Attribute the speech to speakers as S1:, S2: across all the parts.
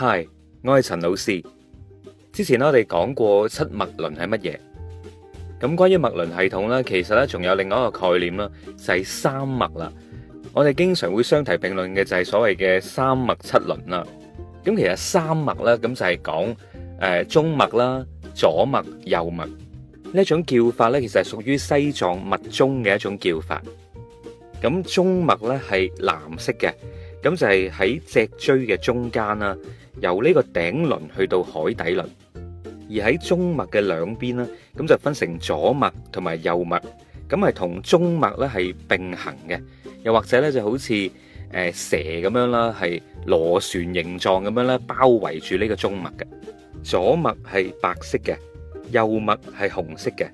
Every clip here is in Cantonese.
S1: Hi，我係陳老師。之前咧我哋講過七脈輪係乜嘢，咁關於脈輪系統咧，其實咧仲有另外一個概念啦，就係三脈啦。我哋經常會相提並論嘅就係所謂嘅三脈七輪啦。咁其實三脈咧，咁就係講誒中脈啦、左脈、右脈。呢一種叫法咧，其實係屬於西藏密宗嘅一種叫法。咁中脈咧係藍色嘅。咁就係喺脊椎嘅中間啦，由呢個頂輪去到海底輪，而喺中脈嘅兩邊咧，咁就分成左脈同埋右脈，咁係同中脈咧係並行嘅，又或者咧就好似誒蛇咁樣啦，係螺旋形狀咁樣咧包圍住呢個中脈嘅。左脈係白色嘅，右脈係紅色嘅，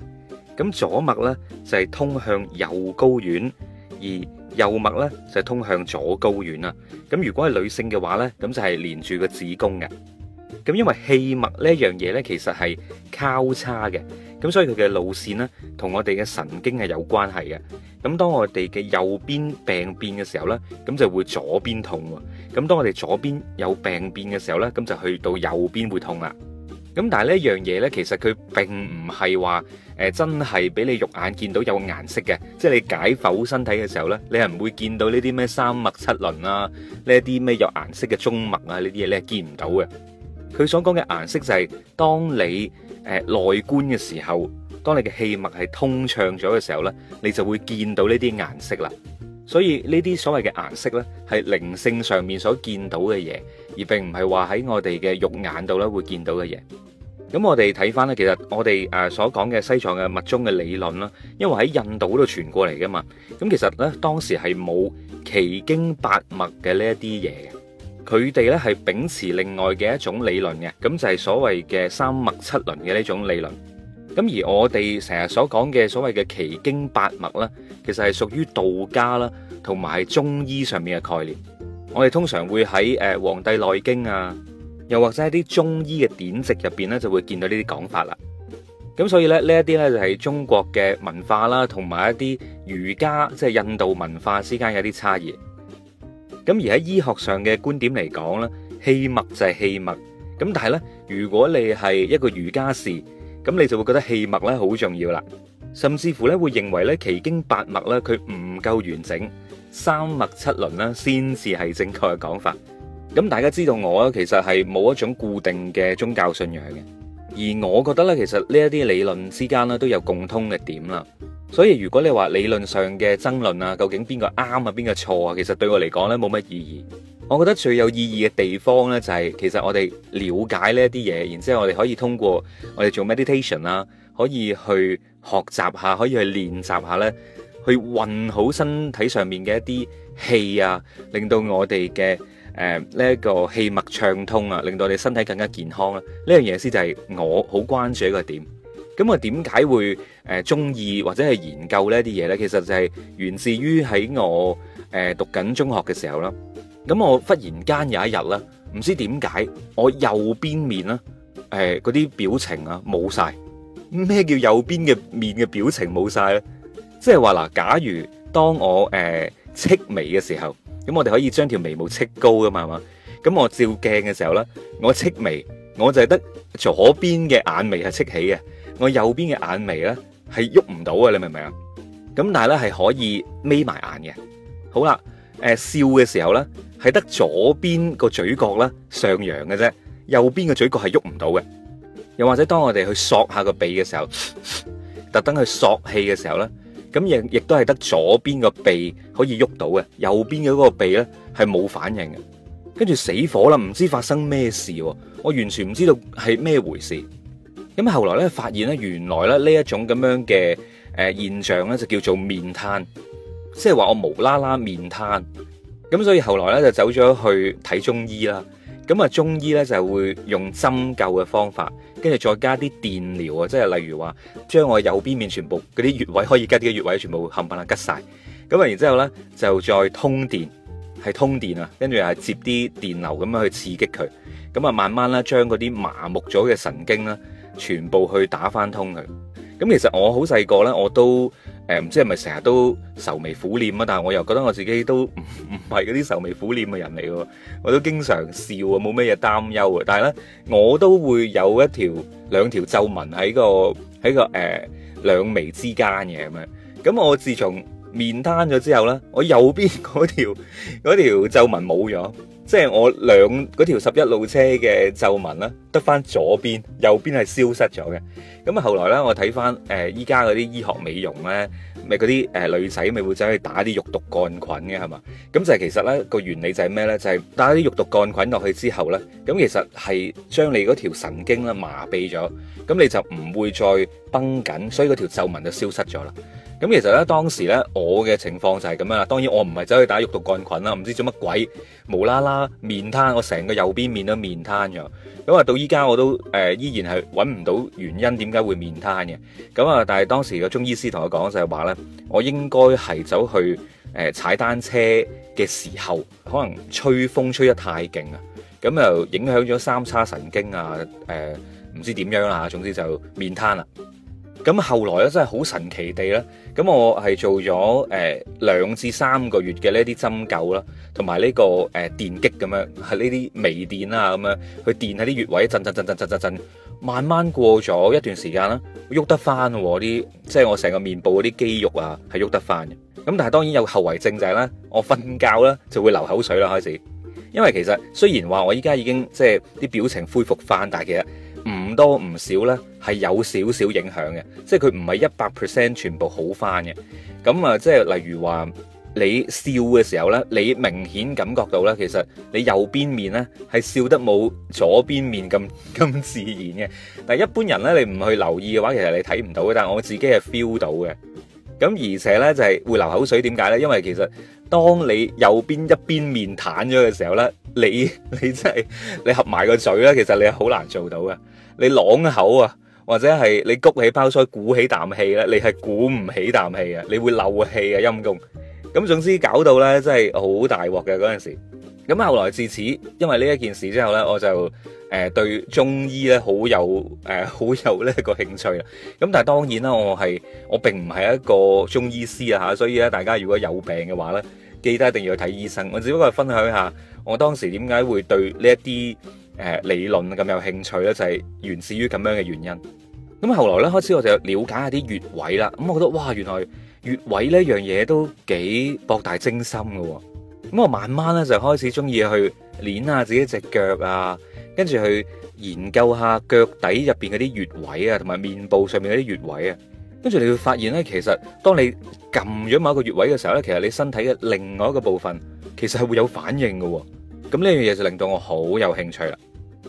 S1: 咁左脈咧就係通向右睾丸，而右脈咧就係通向左睾丸啦，咁如果係女性嘅話咧，咁就係、是、連住個子宮嘅。咁因為氣脈呢一樣嘢咧，其實係交叉嘅，咁所以佢嘅路線咧同我哋嘅神經係有關係嘅。咁當我哋嘅右邊病變嘅時候咧，咁就會左邊痛。咁當我哋左邊有病變嘅時候咧，咁就去到右邊會痛啦。咁但係呢一樣嘢咧，其實佢並唔係話，誒真係俾你肉眼見到有顏色嘅，即係你解剖身體嘅時候呢，你係唔會見到呢啲咩三脈七輪啦、啊，呢啲咩有顏色嘅中脈啊呢啲嘢，你係見唔到嘅。佢所講嘅顏色就係、是、當你呃，內觀嘅時候，當你嘅氣脈係通暢咗嘅時候呢，你就會見到呢啲顏色啦。所以呢啲所謂嘅顏色呢，係靈性上面所見到嘅嘢，而並唔係話喺我哋嘅肉眼度呢會見到嘅嘢。咁我哋睇翻咧，其實我哋誒所講嘅西藏嘅密宗嘅理論啦，因為喺印度嗰度傳過嚟嘅嘛。咁其實咧當時係冇奇經八脈嘅呢一啲嘢，佢哋咧係秉持另外嘅一種理論嘅，咁就係所謂嘅三脈七輪嘅呢種理論。咁而我哋成日所講嘅所謂嘅奇經八脈咧，其實係屬於道家啦，同埋係中醫上面嘅概念。我哋通常會喺誒《黃帝內經》啊。又或者喺啲中醫嘅典籍入邊咧，就會見到呢啲講法啦。咁所以咧，呢一啲呢就係中國嘅文化啦，同埋一啲瑜伽，即係印度文化之間嘅一啲差異。咁而喺醫學上嘅觀點嚟講呢，氣脈就係氣脈。咁但係呢，如果你係一個瑜伽士，咁你就會覺得氣脈呢好重要啦。甚至乎呢，會認為呢奇經八脈呢，佢唔夠完整，三脈七輪呢，先至係正確嘅講法。咁大家知道我啊，其實係冇一種固定嘅宗教信仰嘅。而我覺得咧，其實呢一啲理論之間咧都有共通嘅點啦。所以如果你話理論上嘅爭論啊，究竟邊個啱啊，邊個錯啊，其實對我嚟講呢，冇乜意義。我覺得最有意義嘅地方呢，就係其實我哋了解呢一啲嘢，然之後我哋可以通過我哋做 meditation 啦，可以去學習下，可以去練習下呢，去運好身體上面嘅一啲氣啊，令到我哋嘅。誒呢一個氣脈暢通啊，令到你身體更加健康。呢樣嘢先就係我好關注一個點。咁我點解會誒中意或者係研究呢啲嘢呢？其實就係源自於喺我誒讀緊中學嘅時候啦。咁我忽然間有一日啦，唔知點解我右邊面啦，誒嗰啲表情啊冇晒。咩叫右邊嘅面嘅表情冇晒呢？即係話嗱，假如當我誒戚眉嘅時候。咁我哋可以將條眉毛戚高噶嘛，係嘛？咁我照鏡嘅時候咧，我戚眉，我就係得左邊嘅眼眉係戚起嘅，我右邊嘅眼眉咧係喐唔到嘅！你明唔明啊？咁但係咧係可以眯埋眼嘅。好啦，誒笑嘅時候咧係得左邊個嘴角咧上揚嘅啫，右邊個嘴角係喐唔到嘅。又或者當我哋去索下個鼻嘅時候，特登去索氣嘅時候咧。咁亦亦都係得左邊個鼻可以喐到嘅，右邊嘅嗰個鼻咧係冇反應嘅，跟住死火啦，唔知發生咩事，我完全唔知道係咩回事。咁後來咧發現咧，原來咧呢一種咁樣嘅誒現象咧就叫做面癱，即係話我無啦啦面癱。咁所以後來咧就走咗去睇中醫啦。咁啊，中醫咧就會用針灸嘅方法，跟住再加啲電療啊，即係例如話，將我右邊面全部嗰啲穴位可以吉嘅穴位，全部冚唪唥吉晒。咁啊，然之後咧就再通電，係通電啊，跟住係接啲電流咁樣去刺激佢。咁啊，慢慢啦，將嗰啲麻木咗嘅神經呢，全部去打翻通佢。咁其實我好細個咧，我都。唔知係咪成日都愁眉苦臉啊？但我又覺得我自己都唔係嗰啲愁眉苦臉嘅人嚟喎，我都經常笑啊，冇咩嘢擔憂啊。但係咧，我都會有一條兩條皺紋喺個喺個誒、呃、兩眉之間嘅咁樣，咁我自從～面癱咗之後呢，我右邊嗰條嗰條皺紋冇咗，即係我兩嗰條十一路車嘅皺紋咧，得翻左邊，右邊係消失咗嘅。咁啊，後來呢，我睇翻誒依家嗰啲醫學美容呢，咪嗰啲誒女仔咪會走去打啲肉毒桿菌嘅，係嘛？咁就係其實呢個原理就係咩呢？就係、是、打啲肉毒桿菌落去之後呢，咁其實係將你嗰條神經咧麻痹咗，咁你就唔會再繃緊，所以嗰條皺紋就消失咗啦。咁其實咧當時咧我嘅情況就係咁樣啦，當然我唔係走去打肉毒桿菌啦，唔知做乜鬼，無啦啦面癱，我成個右邊面都面癱咗。咁啊到依家我都、呃、依然係揾唔到原因點解會面癱嘅。咁啊但係當時個中醫師同我講就係話咧，我應該係走去、呃、踩單車嘅時候，可能吹風吹得太勁啊，咁又影響咗三叉神經啊，呃、唔知點樣啦總之就面癱啦。咁後來咧真係好神奇地啦。咁我係做咗誒兩至三個月嘅呢啲針灸啦，同埋呢個誒電擊咁樣，係呢啲微電啊咁樣去電喺啲穴位，震震震震震震震，慢慢過咗一段時間啦，喐得翻喎啲，即係我成個面部嗰啲肌肉啊係喐得翻嘅。咁但係當然有後遺症就係咧，我瞓覺啦就會流口水啦開始，因為其實雖然話我依家已經即係啲表情恢復翻，但係其實，唔多唔少呢係有少少影響嘅，即係佢唔係一百 percent 全部好翻嘅。咁啊，即係例如話你笑嘅時候呢，你明顯感覺到呢，其實你右邊面呢係笑得冇左邊面咁咁自然嘅。但一般人呢，你唔去留意嘅話，其實你睇唔到嘅。但係我自己係 feel 到嘅。咁而且呢，就係、是、會流口水，點解呢？因為其實當你右邊一邊面癱咗嘅時候呢，你你真係你合埋個嘴呢，其實你係好難做到嘅。你啷口啊，或者係你谷起包腮鼓起啖氣咧，你係鼓唔起啖氣啊，你會漏氣啊，陰功。咁總之搞到咧，真係好大鑊嘅嗰陣時。咁後來至此，因為呢一件事之後咧，我就誒對中醫咧好有誒好有呢個興趣啦。咁但係當然啦，我係我並唔係一個中醫師啊吓，所以咧大家如果有病嘅話咧，記得一定要去睇醫生。我只不過係分享下我當時點解會對呢一啲。誒，理論咁有興趣咧，就係源自於咁樣嘅原因。咁後來咧，開始我就了解下啲穴位啦。咁我覺得哇，原來穴位呢樣嘢都幾博大精深喎。咁我慢慢咧就開始中意去捏下自己隻腳啊，跟住去研究下腳底入邊嗰啲穴位啊，同埋面部上面嗰啲穴位啊。跟住你會發現咧，其實當你撳咗某一個穴位嘅時候咧，其實你身體嘅另外一個部分，其實係會有反應喎。咁呢樣嘢就令到我好有興趣啦。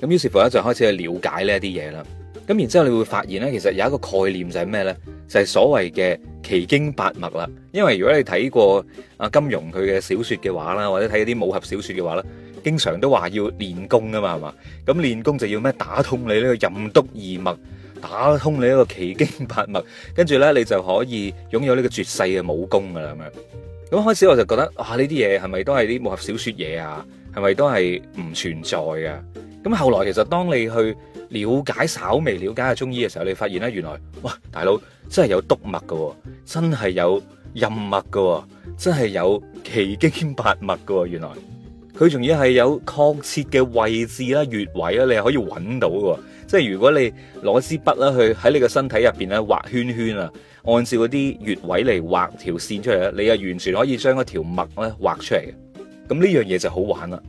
S1: 咁於是乎咧就開始去了解呢一啲嘢啦。咁然之後你會發現呢，其實有一個概念就係咩呢？就係所謂嘅奇經八脈啦。因為如果你睇過啊金庸佢嘅小説嘅話啦，或者睇啲武俠小説嘅話啦，經常都話要練功啊嘛，係嘛？咁練功就要咩？打通你呢個任督二脈，打通你呢個奇經八脈，跟住呢，你就可以擁有呢個絕世嘅武功噶啦咁樣。咁開始我就覺得啊呢啲嘢係咪都係啲武俠小説嘢啊？係咪都係唔存在嘅？咁後來其實當你去了解，稍微了解下中醫嘅時候，你發現咧，原來哇，大佬真係有督脈嘅，真係有任脈嘅，真係有奇經八脈嘅。原來佢仲要係有確切嘅位置啦、穴位啦，你係可以揾到嘅。即係如果你攞支筆啦去喺你嘅身體入邊咧畫圈圈啊，按照嗰啲穴位嚟畫條線出嚟咧，你啊完全可以將嗰條脈咧畫出嚟嘅。咁呢樣嘢就好玩啦，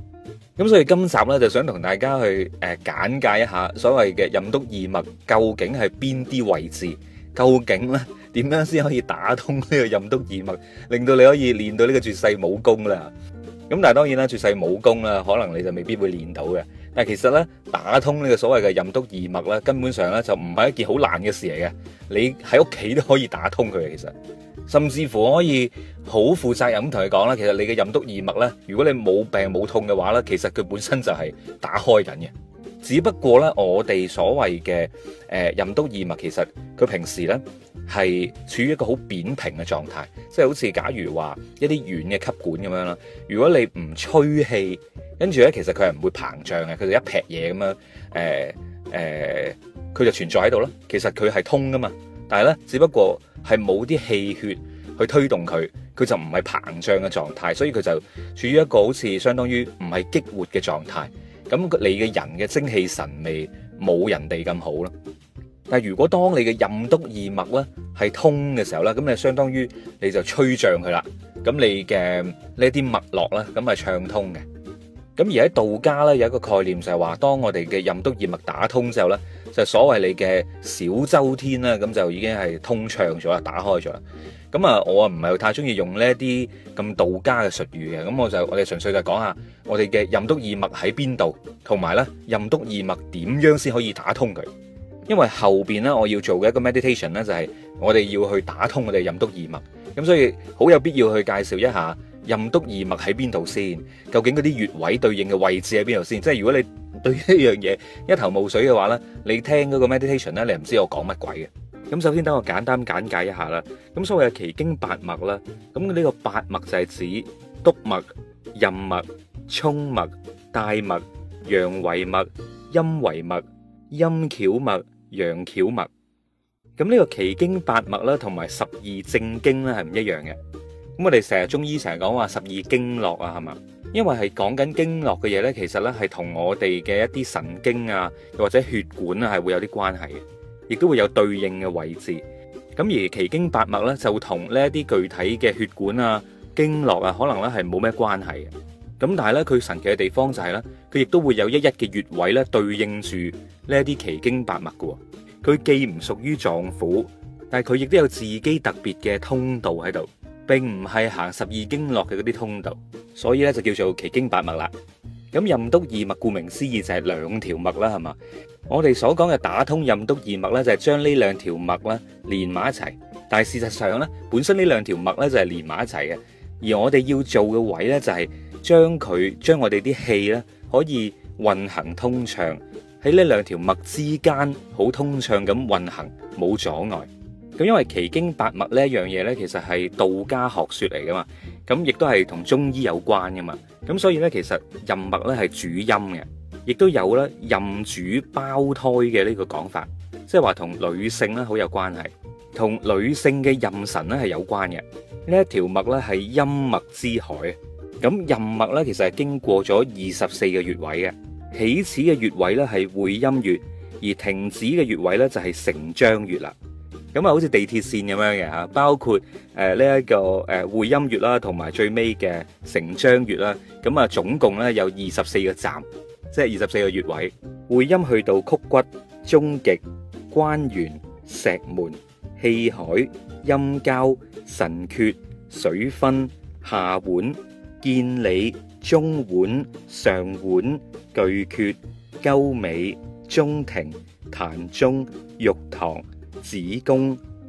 S1: 咁所以今集呢就想同大家去誒簡介一下所謂嘅任督二脈究竟係邊啲位置，究竟呢點樣先可以打通呢個任督二脈，令到你可以練到呢個絕世武功啦。咁但係當然啦，絕世武功啦，可能你就未必會練到嘅。但其實咧，打通呢個所謂嘅任督二脈咧，根本上咧就唔係一件好難嘅事嚟嘅。你喺屋企都可以打通佢嘅，其實，甚至乎可以好負責任咁同你講啦。其實你嘅任督二脈咧，如果你冇病冇痛嘅話咧，其實佢本身就係打開緊嘅。只不過咧，我哋所謂嘅、呃、任督二脈，其實佢平時咧係處於一個好扁平嘅狀態，即係好似假如話一啲軟嘅吸管咁樣啦。如果你唔吹氣，跟住咧，其實佢係唔會膨脹嘅。佢就一劈嘢咁樣佢、呃呃、就存在喺度啦。其實佢係通噶嘛，但係咧，只不過係冇啲氣血去推動佢，佢就唔係膨脹嘅狀態，所以佢就處於一個好似相當於唔係激活嘅狀態。咁你嘅人嘅精氣神味冇人哋咁好啦，但係如果當你嘅任督二脈咧係通嘅時候咧，咁你相當於你就吹脹佢啦，咁你嘅呢啲脈絡咧咁係暢通嘅，咁而喺道家咧有一個概念就係話，當我哋嘅任督二脈打通之後咧。就是、所謂你嘅小周天啦，咁就已經係通暢咗，打開咗啦。咁啊，我唔係太中意用呢一啲咁道家嘅術語嘅，咁我就我哋純粹就講下我哋嘅任督二脈喺邊度？同埋咧任督二脈點樣先可以打通佢。因為後邊咧我要做嘅一個 meditation 咧就係我哋要去打通我哋任督二脈，咁所以好有必要去介紹一下任督二脈喺邊度先，究竟嗰啲穴位對應嘅位置喺邊度先，即係如果你。對於一樣嘢，一頭霧水嘅話，你聽嗰個 meditation 呢，你唔知我講乜鬼嘅。咁首先等我簡單簡介一下啦。咁所謂奇經八脈啦，咁、這、呢個八脈就係指督脈、任脈、衝脈、帶脈、陽維脈、陰維脈、陰蹺脈、陽蹺脈。咁呢、這個奇經八脈啦，同埋十二正經咧係唔一樣嘅。咁我哋成日中醫成日講話十二經絡啊，係嘛？因為係講緊經絡嘅嘢呢，其實咧係同我哋嘅一啲神經啊，又或者血管啊係會有啲關係嘅，亦都會有對應嘅位置。咁而奇經八脈呢，就同呢一啲具體嘅血管啊、經絡啊，可能咧係冇咩關係嘅。咁但係呢，佢神奇嘅地方就係、是、呢，佢亦都會有一一嘅穴位呢，對應住呢啲奇經八脈噶。佢既唔屬於臟腑，但係佢亦都有自己特別嘅通道喺度。並唔係行十二經絡嘅嗰啲通道，所以咧就叫做奇經八脈啦。咁任督二脈，顧名思義就係兩條脈啦，係嘛？我哋所講嘅打通任督二脈咧，就係將呢兩條脈咧連埋一齊。但係事實上咧，本身呢兩條脈咧就係連埋一齊嘅，而我哋要做嘅位咧就係將佢將我哋啲氣咧可以運行通暢喺呢兩條脈之間，好通暢咁運行，冇阻礙。咁，因為奇經八脈呢一樣嘢咧，其實係道家學說嚟噶嘛，咁亦都係同中醫有關噶嘛。咁所以咧，其實任脈咧係主陰嘅，亦都有咧任主胞胎嘅呢個講法，即係話同女性咧好有關係，同女性嘅任神咧係有關嘅。呢一條脈咧係陰脈之海，咁任脈咧其實係經過咗二十四個穴位嘅，起始嘅穴位咧係會陰穴，而停止嘅穴位咧就係承漿穴啦。咁啊，好似地鐵線咁樣嘅嚇，包括誒呢一個誒會陰穴啦，同埋最尾嘅成章穴啦。咁啊，總共咧有二十四個站，即係二十四個穴位。會陰去到曲骨、中極、關元、石門、氣海、陰交、神闕、水分、下脘、建里、中脘、上脘、巨闕、鳩尾、中庭、膻中、玉堂、子宮、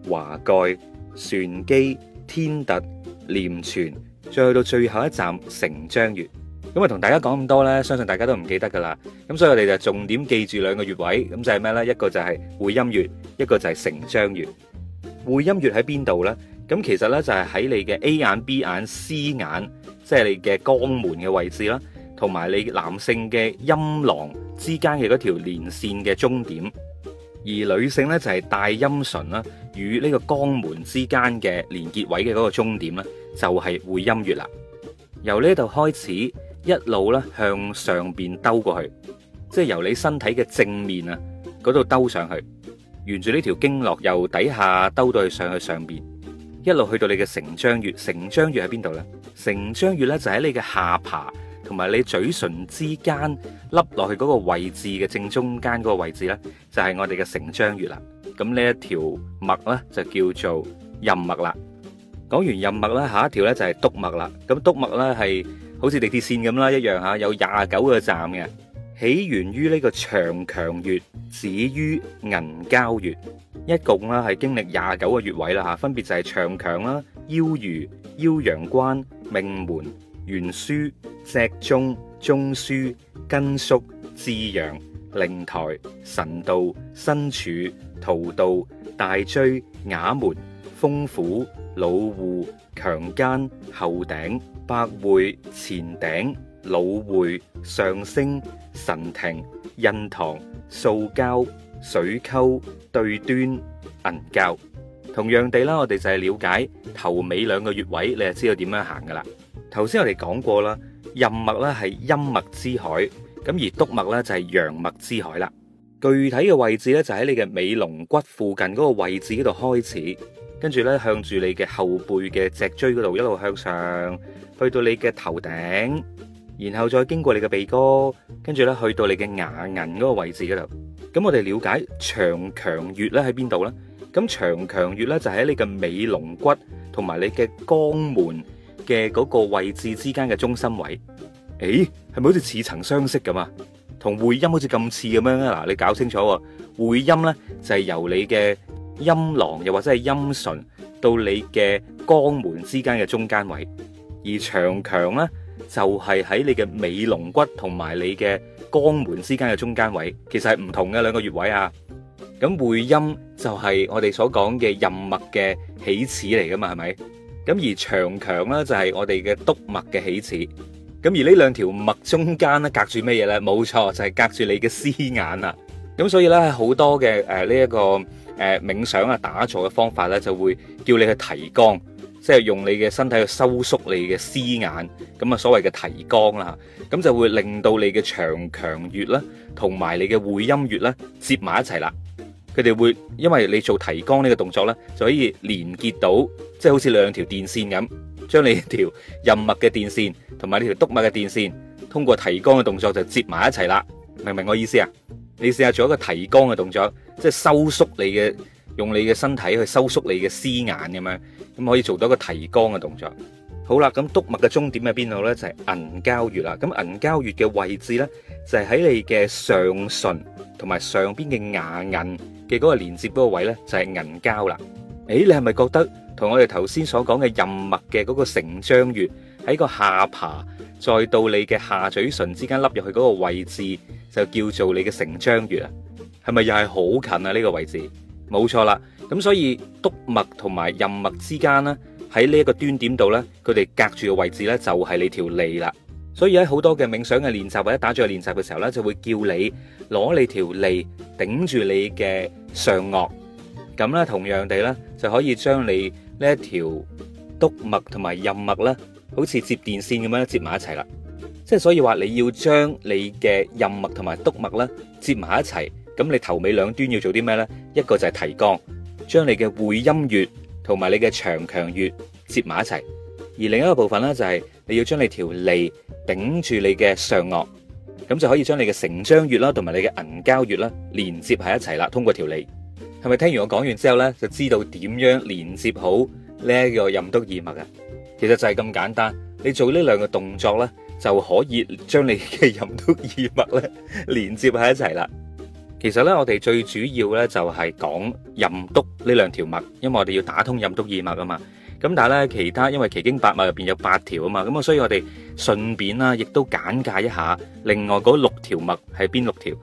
S1: 華蓋、璇璣、天突、廉泉，再去到最後一站承漿穴。咁啊，同大家講咁多呢，相信大家都唔記得噶啦。咁所以我哋就重點記住兩個穴位，咁就係咩呢？一個就係會陰穴，一個就係承漿穴。會陰穴喺邊度呢？咁其實呢就係喺你嘅 A 眼、B 眼、C 眼，即係你嘅肛門嘅位置啦，同埋你男性嘅陰囊之間嘅嗰條連線嘅終點。而女性咧就係大陰唇啦，與呢個肛門之間嘅連結位嘅嗰個終點咧，就係會陰穴啦。由呢度開始，一路咧向上邊兜過去，即係由你身體嘅正面啊嗰度兜上去，沿住呢條經絡由底下兜到去上去上邊，一路去到你嘅承漿穴。承漿穴喺邊度咧？承漿穴咧就喺你嘅下巴。同埋你嘴唇之間凹落去嗰個位置嘅正中間嗰個位置咧，就係我哋嘅承漿穴啦。咁呢一條脈咧就叫做任脈啦。講完任脈啦，下一條咧就係督脈啦。咁督脈咧係好似地鐵線咁啦一樣嚇，有廿九個站嘅，起源於呢個長強穴，止於齦交穴，一共啦係經歷廿九個穴位啦，分別就係長強啦、腰俞、腰陽關、命門。元書脊中中書根叔至陽靈台神道身處陶道大椎啞門風府腦戶強間後頂百會前頂腦會上升神庭印堂素膠水溝對端銀膠，同樣地啦，我哋就係了解頭尾兩個穴位，你就知道點樣行噶啦。頭先我哋講過啦，任脈咧係陰脈之海，咁而督脈咧就係陽脈之海啦。具體嘅位置咧就喺你嘅尾龍骨附近嗰個位置嗰度開始，跟住咧向住你嘅後背嘅脊椎嗰度一路向上，去到你嘅頭頂，然後再經過你嘅鼻哥，跟住咧去到你嘅牙齦嗰個位置嗰度。咁我哋了解長強穴咧喺邊度咧？咁長強穴咧就喺你嘅尾龍骨同埋你嘅肛門。嘅嗰個位置之間嘅中心位，誒，係咪好似似曾相識咁啊？同會音好似咁似咁樣啊？嗱，你搞清楚，會音咧就係由你嘅陰囊又或者係陰唇到你嘅肛門之間嘅中間位，而長強咧就係喺你嘅尾龍骨同埋你嘅肛門之間嘅中間位，其實係唔同嘅兩個穴位啊。咁會音就係我哋所講嘅任脈嘅起始嚟噶嘛，係咪？咁而長強咧就係我哋嘅督脈嘅起始，咁而呢兩條脈中間咧隔住咩嘢咧？冇錯，就係、是、隔住你嘅屎眼啦，咁所以咧好多嘅誒呢一個誒、呃、冥想啊、打坐嘅方法咧，就會叫你去提肛，即係用你嘅身體去收縮你嘅屎眼，咁啊所謂嘅提肛啦，咁就會令到你嘅長強穴啦，同埋你嘅會陰穴咧接埋一齊啦。佢哋會因為你做提肛呢個動作咧，就可以連結到即係、就是、好似兩條電線咁，將你條任脈嘅電線同埋呢條督脈嘅電線，通過提肛嘅動作就接埋一齊啦。明唔明我意思啊？你試下做一個提肛嘅動作，即係收縮你嘅用你嘅身體去收縮你嘅絲眼咁樣，咁可以做到一個提肛嘅動作。好啦，咁督脈嘅終點喺邊度咧？就係銀膠穴啦。咁銀膠穴嘅位置咧，就係、是、喺你嘅上唇同埋上邊嘅牙齦嘅嗰個連接嗰個位咧，就係銀膠啦。誒，你係咪覺得同我哋頭先所講嘅任脈嘅嗰個承漿穴喺個下巴再到你嘅下嘴唇之間凹入去嗰個位置，就叫做你嘅承漿穴啊？係咪又係好近啊？呢、這個位置冇錯啦。咁所以督脈同埋任脈之間咧，喺呢一個端點度咧，佢哋隔住嘅位置咧就係、是、你條脷啦。所以喺好多嘅冥想嘅練習或者打坐練習嘅時候呢就會叫你攞你條脷頂住你嘅上顎，咁呢同樣地呢，就可以將你呢一條督脈同埋任脈呢，好似接電線咁樣接埋一齊啦。即係所以話，你要將你嘅任脈同埋督脈呢接埋一齊，咁你頭尾兩端要做啲咩呢？一個就係提肛，將你嘅會陰穴同埋你嘅長強穴接埋一齊；而另一個部分呢，就係你要將你條脷。頂住你嘅上顎，咁就可以將你嘅承漿穴啦，同埋你嘅齦交穴啦，連接喺一齊啦。通過條脷，係咪聽完我講完之後呢，就知道點樣連接好呢一個任督二脈嘅？其實就係咁簡單，你做呢兩個動作呢，就可以將你嘅任督二脈呢連接喺一齊啦。其實呢，我哋最主要呢，就係講任督呢兩條脈，因為我哋要打通任督二脈啊嘛。咁但係咧，其他因為奇經八脈入邊有八條啊嘛，咁啊，所以我哋順便啦，亦都簡介一下另外嗰六條脈係邊六條。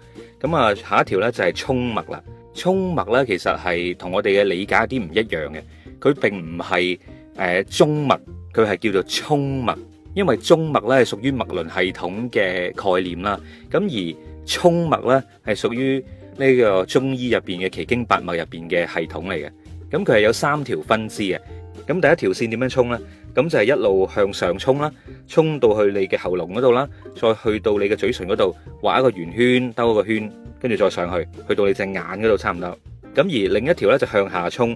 S1: 咁啊，下一條咧，就係衝脈啦。衝脈咧，其實係同我哋嘅理解有啲唔一樣嘅。佢並唔係誒中脈，佢係叫做衝脈，因為中脈咧，係屬於脈輪系統嘅概念啦。咁而衝脈咧，係屬於呢個中醫入邊嘅奇經八脈入邊嘅系統嚟嘅。咁佢係有三條分支嘅。咁第一條線點樣衝呢？咁就係一路向上衝啦，衝到去你嘅喉嚨嗰度啦，再去到你嘅嘴唇嗰度畫一個圓圈，兜一個圈，跟住再上去，去到你隻眼嗰度差唔多。咁而另一條呢就向下衝，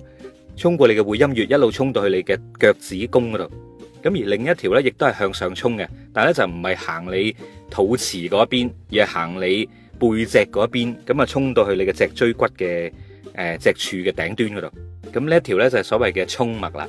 S1: 衝過你嘅會陰穴，一路衝到去你嘅腳趾公嗰度。咁而另一條呢亦都係向上衝嘅，但係咧就唔係行你肚臍嗰一邊，而係行你背脊嗰一邊，咁啊衝到去你嘅脊椎骨嘅，誒，脊柱嘅頂端嗰度，咁呢一條咧就係所謂嘅衝脈啦。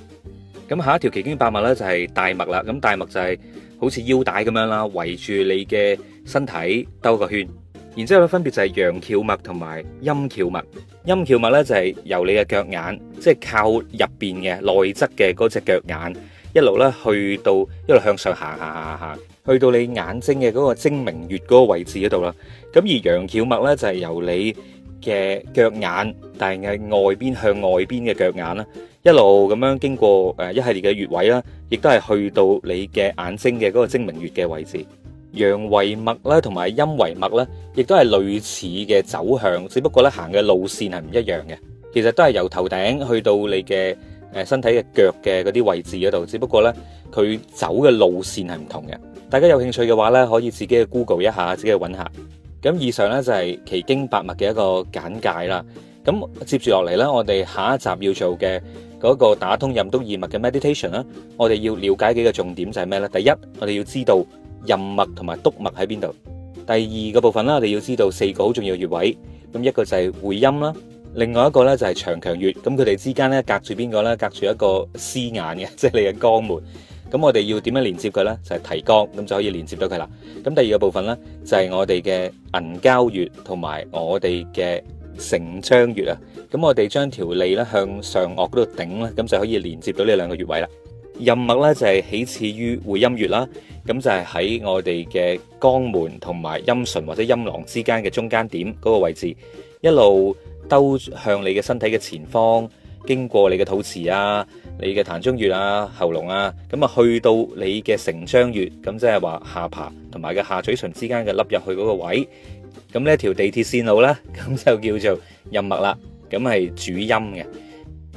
S1: 咁下一條奇經八脈呢，就係帶脈啦。咁帶脈就係好似腰帶咁樣啦，圍住你嘅身體兜個圈。然之後咧分別就係陽蹺脈同埋陰蹺脈。陰蹺脈呢，就係由你嘅腳眼，即係靠入邊嘅內側嘅嗰隻腳眼，一路呢去到一路向上行行行行，去到你眼睛嘅嗰個精明穴嗰個位置嗰度啦。咁而陽蹺脈呢，就係由你嘅腳眼，但係外邊向外邊嘅腳眼啦，一路咁樣經過誒一系列嘅穴位啦，亦都係去到你嘅眼睛嘅嗰個睛明穴嘅位置。陽維脈啦，同埋陰維脈咧，亦都係類似嘅走向，只不過咧行嘅路綫係唔一樣嘅。其實都係由頭頂去到你嘅誒身體嘅腳嘅嗰啲位置嗰度，只不過咧佢走嘅路綫係唔同嘅。大家有興趣嘅話咧，可以自己去 Google 一下，自己去揾下。咁以上咧就係奇經八脈嘅一個簡介啦。咁接住落嚟咧，我哋下一集要做嘅嗰個打通任督二脈嘅 meditation 啦，我哋要了解幾個重點就係咩咧？第一，我哋要知道任脈同埋督脈喺邊度。第二個部分咧，我哋要知道四個好重要嘅穴位。咁一個就係會陰啦，另外一個咧就係長強穴。咁佢哋之間咧隔住邊個咧？隔住一個屎眼嘅，即係你嘅肛門。咁我哋要點樣連接佢咧？就係提肛，咁就可以連接到佢啦。咁第二個部分咧，就係我哋嘅齦交穴同埋我哋嘅承漿穴啊。咁我哋將條脷咧向上顎嗰度頂咧，咁就可以連接到呢兩個穴位啦。任脈咧就係起始於會陰穴啦，咁就係喺我哋嘅肛門同埋陰唇或者陰囊之間嘅中間點嗰個位置，一路兜向你嘅身體嘅前方，經過你嘅肚臍啊。你嘅膻中穴啊，喉嚨啊，咁啊去到你嘅承漿穴，咁即係話下巴同埋個下嘴唇之間嘅凹入去嗰個位，咁呢一條地鐵線路啦，咁就叫做任脈啦，咁係主陰嘅。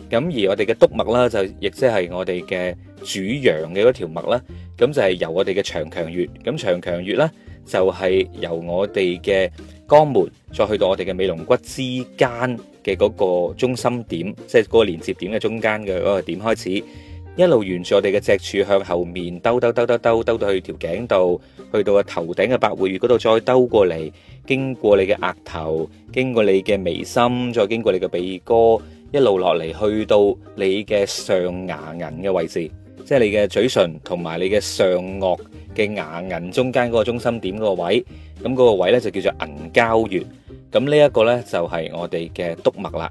S1: 咁而我哋嘅督脈啦，就亦即係我哋嘅主陽嘅嗰條脈啦，咁就係由我哋嘅長強穴，咁長強穴咧就係由我哋嘅。肛門再去到我哋嘅尾龍骨之間嘅嗰個中心點，即係嗰個連接點嘅中間嘅嗰個點開始，一路沿住我哋嘅脊柱向後面兜兜兜兜兜兜，兜，兜到去條頸度，去到個頭頂嘅百會穴嗰度再兜過嚟，經過你嘅額頭，經過你嘅眉心，再經過你嘅鼻哥，一路落嚟去到你嘅上牙齦嘅位置。即係你嘅嘴唇同埋你嘅上顎嘅牙齦中間嗰個中心點嗰個位，咁嗰個位呢就叫做齦交穴。咁呢一個呢就係我哋嘅督脈啦。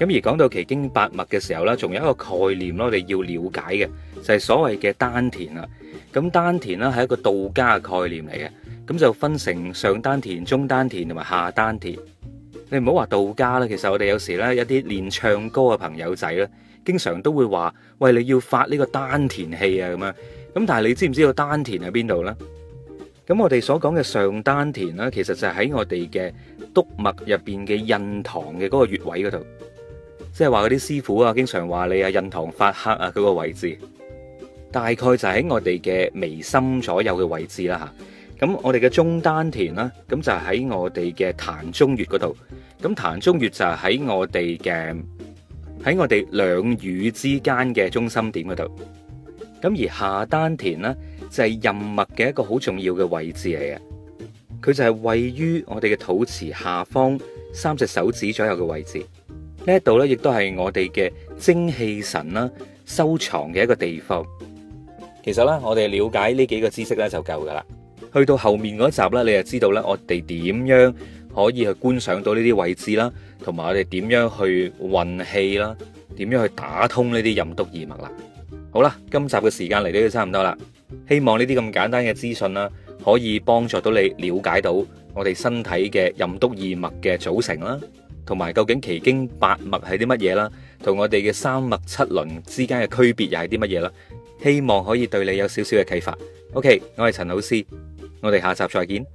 S1: 咁而講到奇經八脈嘅時候呢，仲有一個概念咯，我哋要了解嘅就係所謂嘅丹田啊。咁丹田呢係一個道家嘅概念嚟嘅，咁就分成上丹田、中丹田同埋下丹田。你唔好話道家啦，其實我哋有時咧，一啲練唱歌嘅朋友仔咧，經常都會話：喂，你要發呢個丹田氣啊咁樣。咁但係你知唔知道丹田喺邊度咧？咁我哋所講嘅上丹田咧，其實就係喺我哋嘅督脈入邊嘅印堂嘅嗰個穴位嗰度，即係話嗰啲師傅啊，經常話你啊印堂發黑啊，嗰、嗰個位置大概就喺我哋嘅眉心左右嘅位置啦嚇。咁我哋嘅中丹田啦，咁就喺我哋嘅膻中穴嗰度。咁膻中穴就喺我哋嘅喺我哋兩乳之間嘅中心點嗰度。咁而下丹田咧，就係任脈嘅一個好重要嘅位置嚟嘅。佢就係位於我哋嘅肚臍下方三隻手指左右嘅位置。呢一度咧，亦都係我哋嘅精氣神啦收藏嘅一個地方。其實咧，我哋了解呢幾個知識咧就夠噶啦。去到後面嗰一集呢，你就知道呢，我哋點樣可以去觀賞到呢啲位置啦，同埋我哋點樣去運氣啦，點樣去打通呢啲任督二脈啦。好啦，今集嘅時間嚟到差唔多啦，希望呢啲咁簡單嘅資訊啦，可以幫助到你瞭解到我哋身體嘅任督二脈嘅組成啦，同埋究竟奇經八脈係啲乜嘢啦，同我哋嘅三脈七輪之間嘅區別又係啲乜嘢啦，希望可以對你有少少嘅啟發。OK，我係陳老師。我哋下集再見。